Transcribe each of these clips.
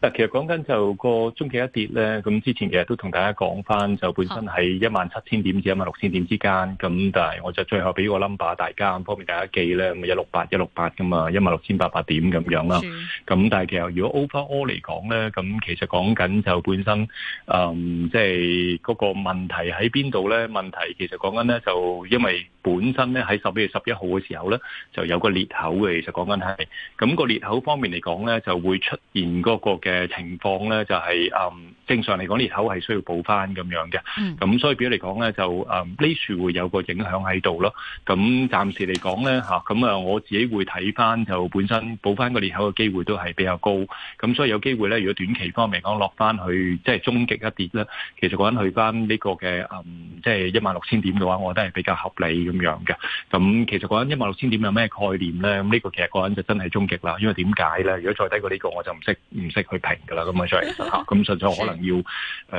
嗱，其實講緊就個終極一跌咧，咁之前其實都同大家講翻，就本身喺一萬七千點至一萬六千點之間，咁但係我就最後俾個 number 大家，方便大家記咧，咁一六八一六八噶嘛，一萬六千八百點咁樣啦。咁但係其實如果 overall 嚟講咧，咁其實講緊就本身，嗯，即係嗰個問題喺邊度咧？問題其實講緊咧，就因為本身咧喺十一月十一號嘅時候咧，就有個裂口嘅，其實講緊係，咁個裂口方面嚟講咧，就會出現嗰個嘅。嘅情況咧，就係、是、嗯，正常嚟講，裂口係需要補翻咁樣嘅。咁、mm. 所以，表嚟講咧，就嗯呢樹會有個影響喺度咯。咁暫時嚟講咧，咁啊、嗯，我自己會睇翻，就本身補翻個裂口嘅機會都係比較高。咁所以有機會咧，如果短期方面講落翻去，即係終極一跌咧，其實嗰陣去翻呢個嘅嗯，即係一萬六千點嘅話，我覺得係比較合理咁樣嘅。咁其實嗰陣一萬六千點有咩概念咧？咁呢個其實嗰陣就真係終極啦。因為點解咧？如果再低過呢、這個，我就唔識唔識去。平噶啦，咁順再咁純粹可能要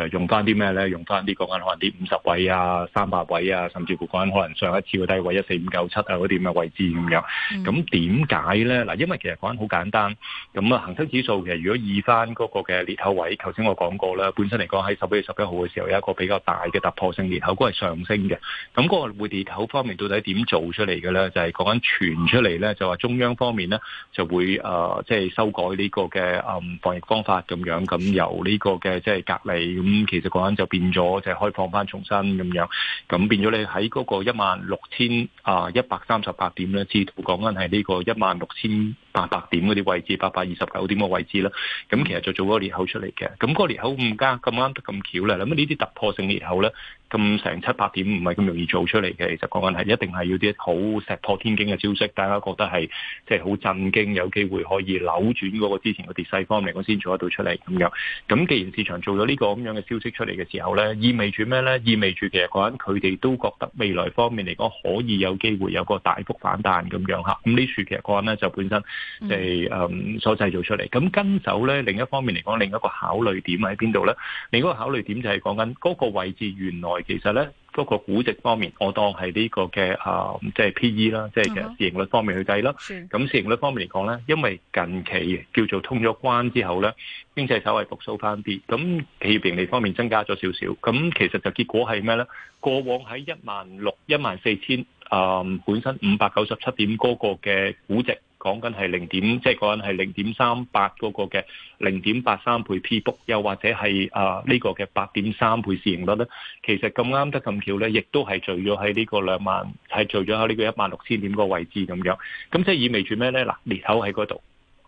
誒用翻啲咩咧？用翻啲講緊可能啲五十位啊、三百位啊，甚至乎講緊可能上一次嘅低位一四五九七啊嗰啲咁嘅位置咁樣。咁點解咧？嗱，因為其實講緊好簡單。咁啊，恒生指數其實如果以翻嗰個嘅裂口位，頭先我講過啦，本身嚟講喺十一月十一號嘅時候有一個比較大嘅突破性裂口，嗰係上升嘅。咁、那、嗰個會裂口方面到底點做出嚟嘅咧？就係講緊傳出嚟咧，就話中央方面咧就會即係、就是、修改呢個嘅防疫。方法咁樣，咁由呢個嘅即係隔離，咁其實講緊就變咗就開放翻重新咁樣。咁變咗你喺嗰個一萬六千啊一百三十八點咧，至到講緊係呢個一萬六千。八百點嗰啲位置，八百二十九點嘅位置啦，咁其實就做咗個裂口出嚟嘅，咁嗰個裂口唔加咁啱得咁巧咧，咁呢啲突破性裂口咧，咁成七八點唔係咁容易做出嚟嘅，其實講緊係一定係要啲好石破天驚嘅消息，大家覺得係即係好震驚，有機會可以扭轉嗰個之前嘅跌勢方面嚟講先做得到出嚟咁樣。咁既然市場做咗呢個咁樣嘅消息出嚟嘅時候咧，意味住咩咧？意味住其實講緊佢哋都覺得未來方面嚟講可以有機會有個大幅反彈咁樣嚇。咁呢處其實講緊咧就本身。.係誒，嗯、所製造出嚟咁跟手咧。另一方面嚟講，另一個考慮點喺邊度咧？另一個考慮點就係講緊嗰個位置原來其實咧嗰、嗰個估值方面，我當係呢個嘅、呃、即係 P/E 啦，即係其實市盈率方面去計啦。咁、嗯、市盈率方面嚟講咧，因為近期叫做通咗關之後咧，經濟稍為復蘇翻啲，咁企業盈利方面增加咗少少。咁其實就結果係咩咧？過往喺一萬六一萬四千誒，本身五百九十七點嗰個嘅估值。講緊係零點，即係講緊係零點三八嗰個嘅零點八三倍 P/B，又或者係啊呢個嘅八點三倍市盈率咧，其實咁啱得咁巧咧，亦都係聚咗喺呢個兩萬，係聚咗喺呢個一萬六千點個位置咁樣，咁即係意味住咩咧？嗱，裂口喺嗰度。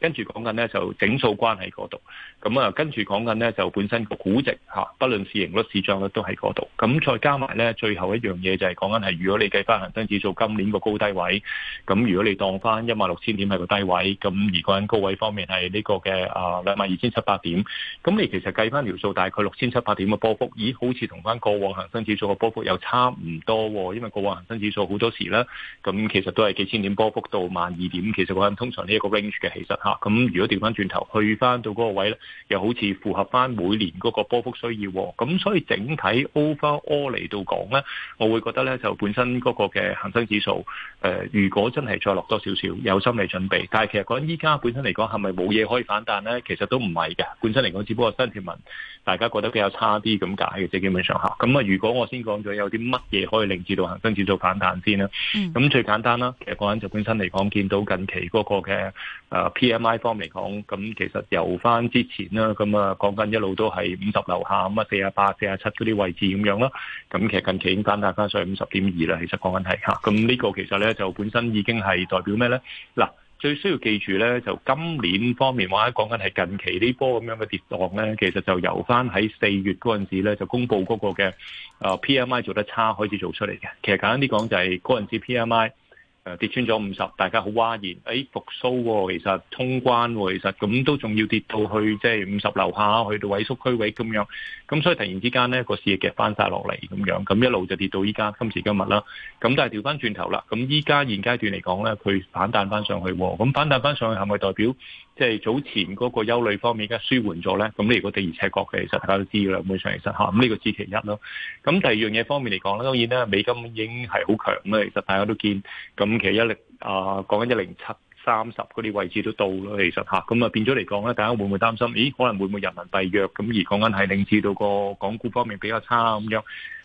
跟住講緊咧就整數關喺嗰度，咁啊跟住講緊咧就本身個估值不論市盈率、市漲率都喺嗰度。咁再加埋咧，最後一樣嘢就係講緊係，如果你計翻恒生指數今年個高低位，咁如果你當翻一萬六千點係個低位，咁而嗰人高位方面係呢個嘅啊兩萬二千七百點，咁你其實計翻條數大概六千七百點嘅波幅，咦好似同翻過往恒生指數嘅波幅又差唔多喎，因為過往恒生指數好多時咧，咁其實都係幾千點波幅到萬二點，其實嗰人通常呢一個 range 嘅其實咁如果調翻轉頭，去翻到嗰個位咧，又好似符合翻每年嗰個波幅需要，咁所以整體 overall 嚟到講咧，我會覺得咧就本身嗰個嘅恒生指數，誒、呃、如果真係再落多少少，有心理準備。但係其實講依家本身嚟講係咪冇嘢可以反彈咧？其實都唔係嘅，本身嚟講只不過新貼文大家覺得比較差啲咁解嘅啫，基本上下。咁啊，如果我先講咗有啲乜嘢可以令至到恒生指數反彈先啦，咁、嗯、最簡單啦，其實講緊就本身嚟講見到近期嗰個嘅誒 PM。方面講，咁其實由翻之前啦，咁啊講緊一路都係五十樓下咁啊，四啊八、四啊七嗰啲位置咁樣啦。咁其實近期已經反彈翻上五十點二啦。其實講緊係嚇，咁呢個其實咧就本身已經係代表咩咧？嗱，最需要記住咧，就今年方面話講緊係近期呢波咁樣嘅跌盪咧，其實就由翻喺四月嗰陣時咧就公布嗰個嘅 P M I 做得差開始做出嚟嘅。其實簡單啲講就係嗰陣時 P M I。誒跌穿咗五十，大家好嘩然，誒復蘇喎，其實通關喎，哦，其實咁都仲要跌到去即係五十樓下去到萎縮區位咁樣，咁所以突然之間呢個市嘅返晒落嚟咁樣，咁一路就跌到依家今時今日啦，咁但係調翻轉頭啦，咁依家現階段嚟講呢，佢反彈翻上去喎，咁反彈翻上去係咪代表？即係早前嗰個憂慮方面，而家舒緩咗咧，咁你如果地移赤國嘅，其實大家都知嘅啦，會上其實嚇，咁呢個支其一咯。咁第二樣嘢方面嚟講咧，當然啦，美金已經係好強啦，其實大家都見，咁其實一零啊，講緊一零七三十嗰啲位置都到啦，其實吓，咁啊變咗嚟講咧，大家會唔會擔心？咦，可能會唔會人民幣弱？咁而講緊係令至到個港股方面比較差咁樣？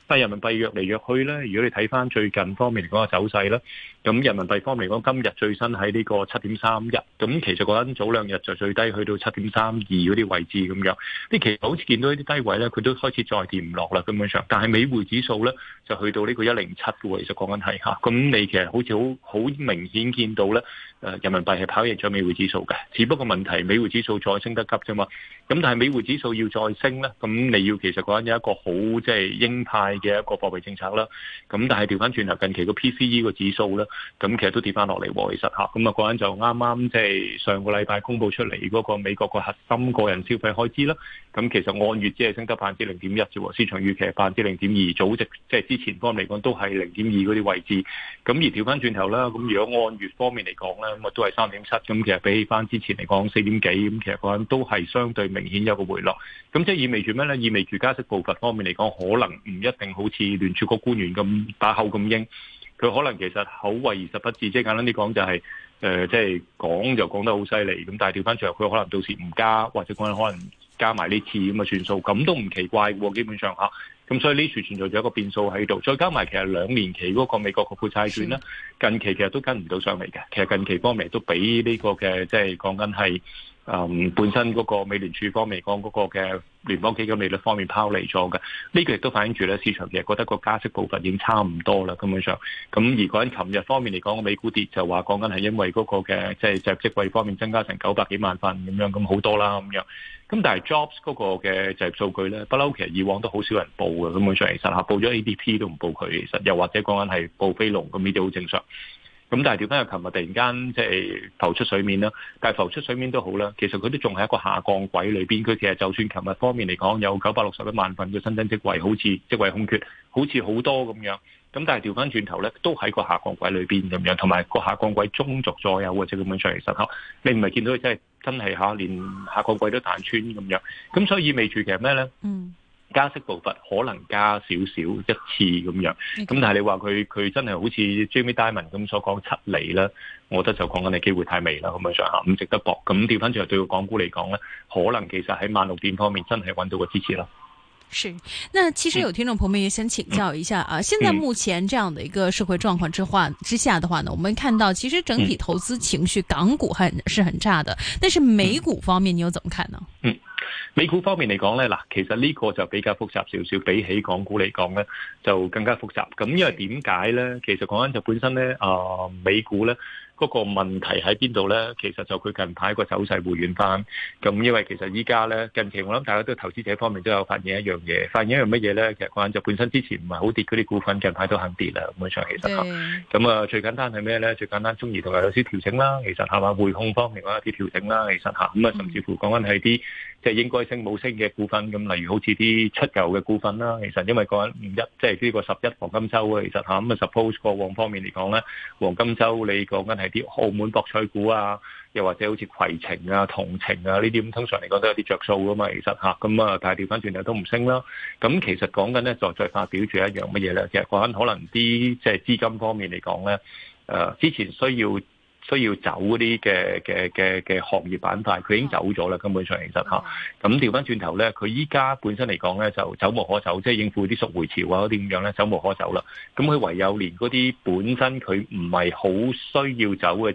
但人民幣約嚟約去咧，如果你睇翻最近方面嚟講嘅走勢咧，咁人民幣方面嚟講，今日最新喺呢個七點三一，咁其實講緊早兩日就最低去到七點三二嗰啲位置咁樣。即其實好似見到呢啲低位咧，佢都開始再跌唔落啦，根本上。但係美匯指數咧就去到呢個一零七嘅喎，其實講緊係下。咁你其實好似好好明顯見到咧，誒人民幣係跑贏咗美匯指數嘅。只不過問題美匯指數再升得急啫嘛。咁但係美匯指數要再升咧，咁你要其實講緊有一個好即係鷹派。嘅一個貨幣政策啦，咁但係調翻轉頭，近期個 PCE 個指數咧，咁其實都跌翻落嚟喎。其實嚇，咁啊，嗰陣就啱啱即係上個禮拜公布出嚟嗰個美國個核心個人消費開支啦。咁其實按月只係升得百分之零點一啫喎，市場預期係百分之零點二，組織即係之前方面嚟講都係零點二嗰啲位置。咁而調翻轉頭啦，咁如果按月方面嚟講咧，咁啊都係三點七，咁其實比起翻之前嚟講四點幾，咁其實嗰陣都係相對明顯有個回落。咁即係意味住咩咧？意味住加息步伐方面嚟講，可能唔一定。好似聯儲局官員咁打口咁硬，佢可能其實口惠而實不至，即係簡單啲講就係，誒，即係講就講得好犀利，咁但係調翻轉，佢可能到時唔加，或者可能可能加埋呢次咁嘅算數，咁都唔奇怪喎。基本上咁，所以呢處存在咗一個變數喺度，再加埋其實兩年期嗰個美國國庫債券啦，嗯、近期其實都跟唔到上嚟嘅，其實近期方面都比呢個嘅即係講緊係。就是誒、嗯、本身嗰個美聯儲方面講嗰個嘅聯邦基金利率方面拋離咗嘅，呢、呢個亦都反映住咧市場其實覺得個加息步伐已經差唔多啦，根本上。咁而果喺琴日方面嚟講，美股跌就話講緊係因為嗰個嘅即係就業、職位方面增加成九百幾萬份咁樣，咁好多啦咁樣。咁但係 Jobs 嗰個嘅就業數據咧，不嬲，其實以往都好少人報嘅，根本上其實嚇報咗 A D P 都唔報佢，其實又或者講緊係報非農咁，呢啲好正常。咁但係調翻去，琴日突然間即係浮出水面啦。但係浮出水面都好啦，其實佢都仲喺一個下降軌裏邊。佢其實就算琴日方面嚟講有九百六十一萬份嘅新增職位，好似職位空缺，好似好多咁樣。咁但係調翻轉頭咧，都喺個下降軌裏邊咁樣，同埋個下降軌中軸左右嘅咁樣上嚟實客你唔係見到佢真係真係吓連下降軌都彈穿咁樣。咁所以意味住其實咩咧？嗯。加息步伐可能加少少一次咁樣，咁但係你話佢佢真係好似 Jimmy Diamond 咁所講七厘啦，我覺得就講緊你機會太微啦，咁樣上下唔值得搏。咁調翻轉嚟對港股嚟講可能其實喺萬六點方面真係揾到個支持啦。是，那其實有聽眾朋友也想請教一下啊，嗯、現在目前這樣的一個社會狀況之話之下的話呢，嗯、我們看到其實整體投資情緒、嗯、港股還是很差的，但是美股方面你又怎麼看呢？嗯。嗯美股方面嚟講咧，嗱，其實呢個就比較複雜少少，比起港股嚟講咧，就更加複雜。咁因為點解咧？其實講緊就本身咧，啊、呃，美股咧嗰個問題喺邊度咧？其實就佢近排個走勢回軟翻。咁因為其實依家咧，近期我諗大家都投資者方面都有發現一樣嘢，發現一樣乜嘢咧？其實講緊就本身之前唔係好跌嗰啲股份，近排都肯跌啦。咁樣上其實吓。咁的啊，最簡單係咩咧？最簡單中移同埋有少少調整啦。其實係嘛，匯控方面嘅一啲調整啦。其實吓，咁啊，甚至乎講緊係啲。應該升冇升嘅股份，咁例如好似啲出遊嘅股份啦。其實因為講唔一，即係呢個十一黃金周啊。其實吓咁啊，suppose 過往方面嚟講咧，黃金周你講緊係啲澳門博彩股啊，又或者好似攜程啊、同程啊，呢啲咁，通常嚟講都有啲着數噶嘛。其實吓咁啊，但係調翻轉頭都唔升啦。咁其實講緊咧，就再發表住一樣乜嘢咧？其實講緊可能啲即係資金方面嚟講咧，誒、呃，之前需要。需要走嗰啲嘅嘅嘅嘅行業板塊，佢已經走咗啦。根本上其實下咁調翻轉頭咧，佢依家本身嚟講咧，就走無可走，即係應付啲贖回潮啊嗰啲咁樣咧，走無可走啦。咁佢唯有連嗰啲本身佢唔係好需要走嘅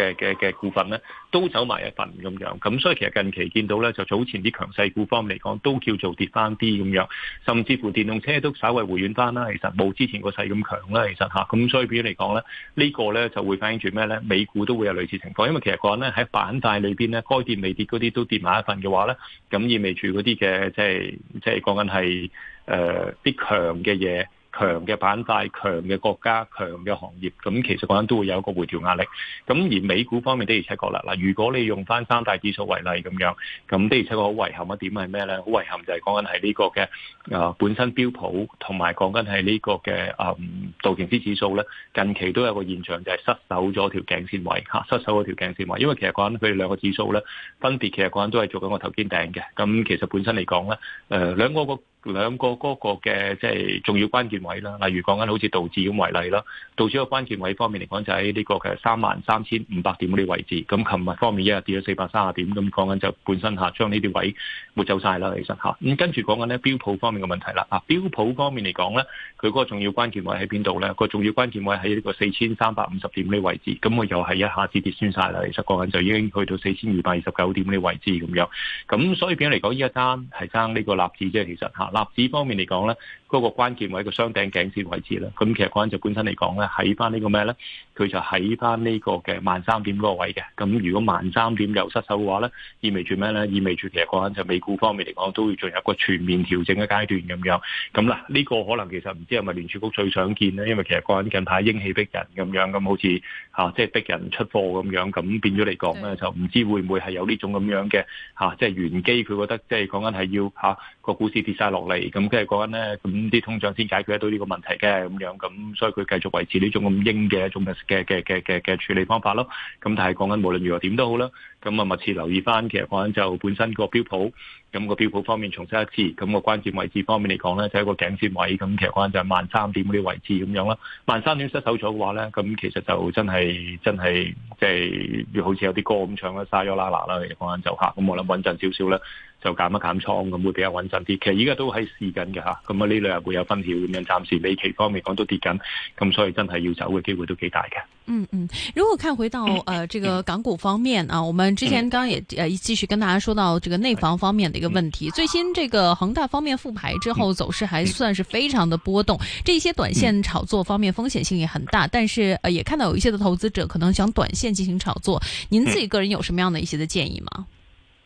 嘅嘅嘅股份咧，都走埋一份咁樣，咁所以其實近期見到咧，就早前啲強勢股方面嚟講都叫做跌翻啲咁樣，甚至乎電動車都稍微回軟翻啦。其實冇之前個勢咁強啦，其實吓，咁所以總之嚟講咧，呢個、呢個咧就會反映住咩咧？美股都會有類似情況，因為其實講咧喺板塊裏邊咧，該跌未跌嗰啲都跌埋一份嘅話咧，咁意味住嗰啲嘅即係即係講緊係誒啲強嘅嘢。就是就是呃強嘅板塊、強嘅國家、強嘅行業，咁其實講緊都會有一個回調壓力。咁而美股方面的而且確啦，嗱，如果你用翻三大指數為例咁樣，咁的而且確好遺憾一點係咩咧？好遺憾就係講緊係呢個嘅誒、呃、本身標普同埋講緊係呢個嘅誒、嗯、道瓊斯指數咧，近期都有個現象就係、是、失守咗條頸線位、啊、失守咗條頸線位，因為其實講緊佢哋兩個指數咧，分別其實講緊都係做緊個頭肩頂嘅。咁其實本身嚟講咧，誒、呃、兩個個。兩個嗰個嘅即係重要關鍵位啦，例如講緊好似道指咁為例啦，道指個關鍵位方面嚟講就喺呢個嘅三萬三千五百點呢位置。咁琴日方面一日跌咗四百三十點，咁講緊就本身下將呢啲位會走晒啦，其實吓，咁跟住講緊咧，標普方面嘅問題啦，啊標普方面嚟講咧，佢嗰個重要關鍵位喺邊度咧？個重要關鍵位喺呢個四千三百五十點呢位置。咁我又係一下子跌穿晒啦，其實講緊就已經去到四千二百二十九點呢位置咁樣。咁所以變樣嚟講，呢一單係爭呢個納指啫，即係、其實吓納指方面嚟講咧，嗰、那個關鍵位個雙頂頸線位置咧，咁其實嗰陣就本身嚟講咧，喺翻呢個咩咧？佢就喺翻呢個嘅萬三點嗰個位嘅。咁如果萬三點又失守嘅話咧，意味住咩咧？意味住其實嗰陣就美股方面嚟講，都要進入一個全面調整嘅階段咁樣。咁啦，呢個可能其實唔知係咪聯儲局最想見咧，因為其實嗰陣近排英氣逼人咁樣，咁好似嚇即係逼人出貨咁樣，咁變咗嚟講咧，對就唔知會唔會係有呢種咁樣嘅嚇、啊、即係玄機，佢覺得即係講緊係要嚇個、啊、股市跌晒落。嚟咁跟係講緊咧，咁啲通脹先解決得到呢個問題嘅咁樣，咁所以佢繼續維持呢種咁應嘅一種嘅嘅嘅嘅嘅處理方法咯。咁但係講緊無論如何點都好啦，咁啊密切留意翻，其實講緊就本身個標普，咁個標普方面重申一次，咁個關鍵位置方面嚟講咧，就係個頸線位，咁其實講緊就係萬三點嗰啲位置咁樣啦。萬三點失守咗嘅話咧，咁其實就真係真係即係好似有啲歌咁唱啦，啦，沙啦啦啦嚟講緊就嚇，咁我諗穩陣少少啦。就減一減倉咁會比較穩陣啲。其實依家都喺試緊嘅吓，咁啊呢兩日會有分曉咁樣。暫時美期方面講到跌緊，咁所以真係要走嘅機會都幾大嘅。嗯嗯，如果看回到、嗯、呃，這個港股方面、嗯、啊，我們之前剛剛也誒繼續跟大家說到，這個內房方面的一個問題。嗯、最新這個恆大方面復牌之後，走勢還算是非常的波動。嗯嗯、這些短線炒作方面風險性也很大，但是呃，也看到有一些的投資者可能想短線進行炒作。您自己個人有什麼樣的一些的建議嗎？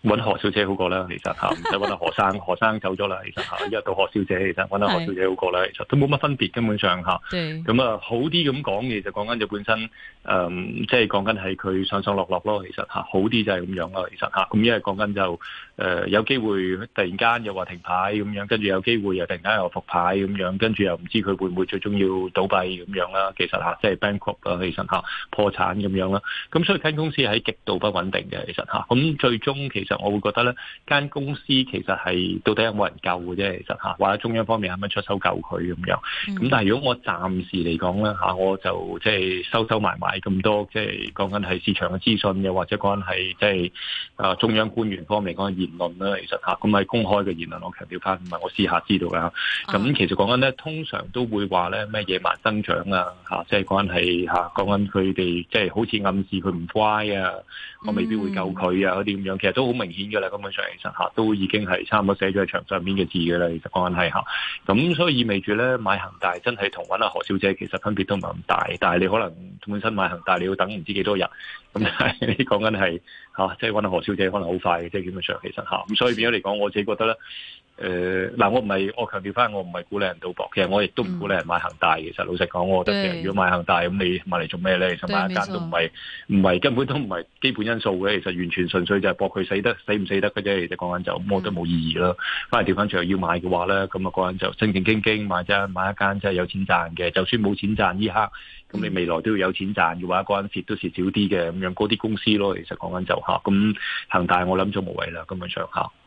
揾何小姐好過啦，其實唔使揾阿何生， 何生走咗啦，其實依家到何小姐，其實揾阿何小姐好過啦，其實都冇乜分別，根本上咁啊的、嗯，好啲咁講，其實講緊就本身，誒，即係講緊係佢上上落落咯，其實好啲就係咁樣咯，其實咁一係講緊就誒有機會突然間又話停牌咁樣，跟住有機會又突然間又復牌咁樣，跟住又唔知佢會唔會最終要倒閉咁樣啦，其實即係 bankrupt 啦，就是、ford，其實破產咁樣啦。咁所以間公司係極度不穩定嘅，其實嚇。咁最終其實。我會覺得咧，間公司其實係到底有冇人救嘅啫，其實吓，或者中央方面係咪出手救佢咁樣？咁、嗯、但係如果我暫時嚟講咧吓，我就即係收收埋埋咁多，即係講緊係市場嘅資訊，又或者講緊係即係啊中央官員方面講嘅言論啦，其實吓，咁係公開嘅言論，我強調翻，唔係我私下知道嘅咁、啊、其實講緊咧，通常都會話咧咩野蠻增長啊，吓即係講緊係吓，講緊佢哋即係好似暗示佢唔乖啊，我未必會救佢啊，嗰啲咁樣，其實都好明。明顯嘅啦，根本上其實嚇都已經係差唔多寫咗喺牆上面嘅字嘅啦，其實講緊係嚇，咁所以意味住咧買恒大真係同揾阿何小姐其實分別都唔係咁大，但係你可能本身買恒大你要等唔知幾多日，咁你講緊係嚇，即係揾阿何小姐可能好快嘅，即係基本上其實嚇，咁所以變咗嚟講，我自己覺得咧。誒，嗱、呃，我唔係，我強調翻，我唔係鼓勵人賭博。其實我亦都唔鼓勵人買恒大。嗯、其實老實講，我覺得如果買恒大，咁你買嚟做咩咧？想買一間都唔係，唔係根本都唔係基本因素嘅。其實完全純粹就係搏佢死得死唔死得嘅啫。其實講緊就，咁，我都冇意義咯。翻嚟調翻轉，要買嘅話咧，咁啊，個人就正正經經，經買買一間真係有錢賺嘅。就算冇錢賺，呢刻咁你未來都要有錢賺嘅話，個人蝕都是少啲嘅。咁樣嗰啲公司咯，其實講緊就吓，咁恒大我諗就無謂啦，根本上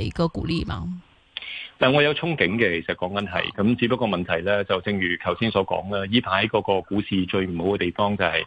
一個鼓勵嘛，但我有憧憬嘅，其實講緊係咁，只不過問題咧就正如頭先所講啦，呢排嗰個股市最唔好嘅地方就係、是。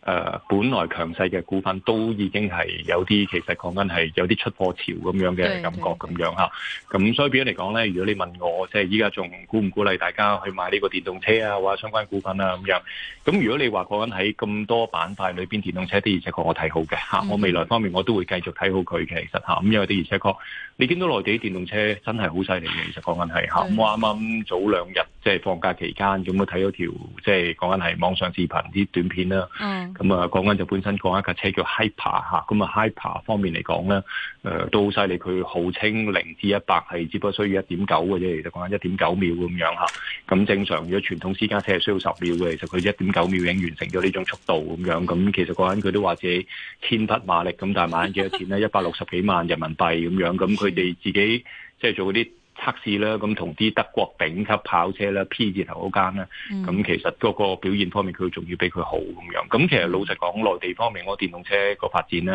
誒、呃，本來強勢嘅股份都已經係有啲，其實講緊係有啲出貨潮咁樣嘅感覺咁樣嚇。咁、嗯、所以，變咗嚟講咧，如果你問我，即係依家仲鼓唔鼓勵大家去買呢個電動車啊，或者相關股份啊咁樣。咁如果你話講緊喺咁多板塊裏邊，電動車的而且確我睇好嘅、嗯啊、我未來方面我都會繼續睇好佢嘅，其實咁因為的而且確，你見到內地電動車真係好犀利嘅，其實講緊係嚇。我啱啱早兩日即係放假期間，咁都睇咗條即係講緊係網上視頻啲短片啦。嗯咁啊，講緊就本身講一架車叫 Hyper 嚇，咁啊 Hyper 方面嚟講咧，誒、呃、都好犀利，佢號稱零至一百係只不過需要一點九嘅啫，其實講緊一點九秒咁樣嚇。咁正常如果傳統私家車係需要十秒嘅，其實佢一點九秒已經完成咗呢種速度咁樣。咁其實講緊佢都話自己千匹馬力咁，但係買緊幾多錢咧？一百六十幾萬人民幣咁樣。咁佢哋自己即係做嗰啲。測試咧，咁同啲德國頂級跑車咧，P 字頭嗰間咧，咁、嗯、其實嗰個表現方面佢仲要比佢好咁樣。咁其實老實講內地方面，我電動車個發展咧，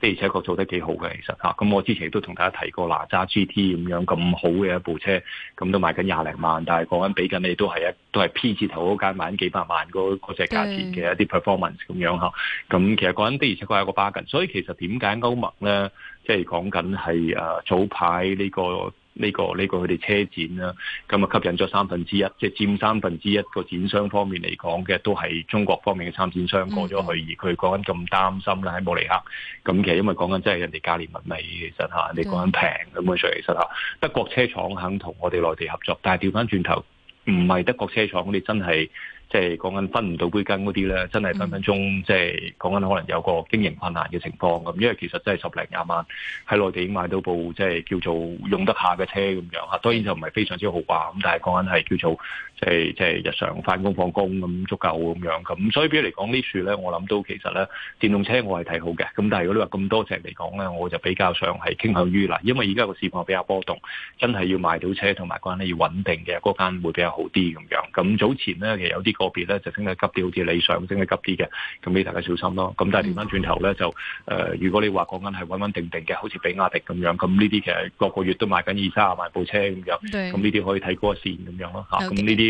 的而且確做得幾好嘅。其實嚇，咁我之前都同大家提過哪吒 GT 咁樣咁好嘅一部車，咁都賣緊廿零萬，但係講緊畀緊你都係呀，都係 P 字頭嗰間賣緊幾百萬嗰嗰隻價錢嘅一啲 performance 咁樣嚇。咁其實講緊的而且確係一個 bargain。所以其實點解歐盟咧，即係講緊係誒早排呢、呢個。呢、這個呢、這個佢哋車展啦，咁啊吸引咗三分之一，即係佔三分之一個展商方面嚟講嘅，都係中國方面嘅參展商過咗去了。而佢講緊咁擔心啦，喺慕尼黑，咁其實因為講緊真係人哋價廉物美，其實嚇你講緊平咁樣出其實嚇德國車廠肯同我哋內地合作，但係調翻轉頭唔係德國車廠，我哋真係。即係講緊分唔到杯羹嗰啲咧，真係分分鐘即係講緊可能有個經營困難嘅情況咁。因為其實真係十零廿萬喺內地已經買到部即係叫做用得下嘅車咁樣嚇。當然就唔係非常之豪華咁，但係講緊係叫做。即係即係日常翻工放工咁足夠咁樣，咁所以比如嚟講呢處咧，我諗都其實咧電動車我係睇好嘅，咁但係如果你話咁多隻嚟講咧，我就比較上係傾向於嗱，因為而家個市況比較波動，真係要賣到車同埋嗰間要穩定嘅嗰間會比較好啲咁樣。咁早前咧其實有啲個別咧就升得急啲，好似理想升得急啲嘅，咁你大家小心咯。咁但係調翻轉頭咧就誒、呃，如果你話講緊係穩穩定定嘅，好似比亞迪咁樣，咁呢啲其實個個月都賣緊二卅萬部車咁樣，咁呢啲可以睇嗰個線咁樣咯嚇。咁呢啲。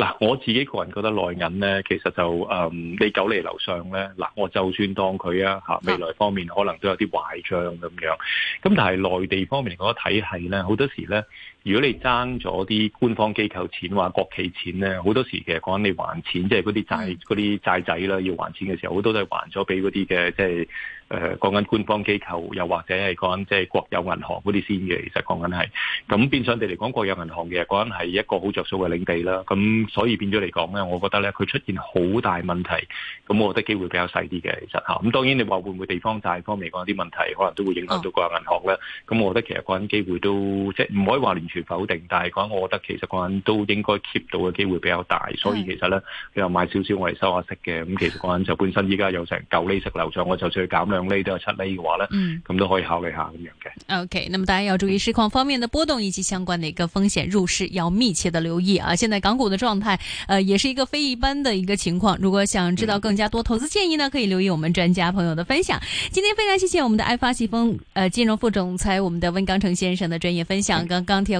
嗱，我自己個人覺得內銀咧，其實就誒，你狗嚟樓上咧，嗱，我就算當佢啊嚇，未來方面可能都有啲壞賬咁樣，咁但係內地方面嚟講個體系咧，好多時咧。如果你爭咗啲官方機構錢，話國企錢咧，好多時其實講緊你還錢，即係嗰啲債嗰啲債仔啦，要還錢嘅時候，好多都係還咗俾嗰啲嘅，即係誒講緊官方機構，又或者係講緊即係國有銀行嗰啲先嘅。其實講緊係，咁變相地嚟講，國有銀行嘅其實講緊係一個好着數嘅領地啦。咁所以變咗嚟講咧，我覺得咧佢出現好大問題，咁我覺得機會比較細啲嘅，其實嚇咁當然你話會唔會地方債方面講啲問題，可能都會影響到國有銀行咧。咁、哦、我覺得其實講緊機會都即係唔可以話連全否定，但係講我覺得其實個人都應該 keep 到嘅機會比較大，所以其實呢，佢又是買少少我係收下息嘅，咁其實個人就本身依家有成九厘息流著，我就算減兩厘都有七厘嘅話咧，咁、嗯、都可以考慮下咁樣嘅。OK，那麼大家要注意市況方面的波動以及相關嘅一個風險，入市要密切地留意啊！現在港股的狀態，呃，也是一個非一般嘅一個情況。如果想知道更加多投資建議呢，可以留意我們專家朋友的分享。今天非常謝謝我們的愛發係豐，呃、嗯，金融副總裁我們的溫鋼城先生的專業分享。剛剛聽。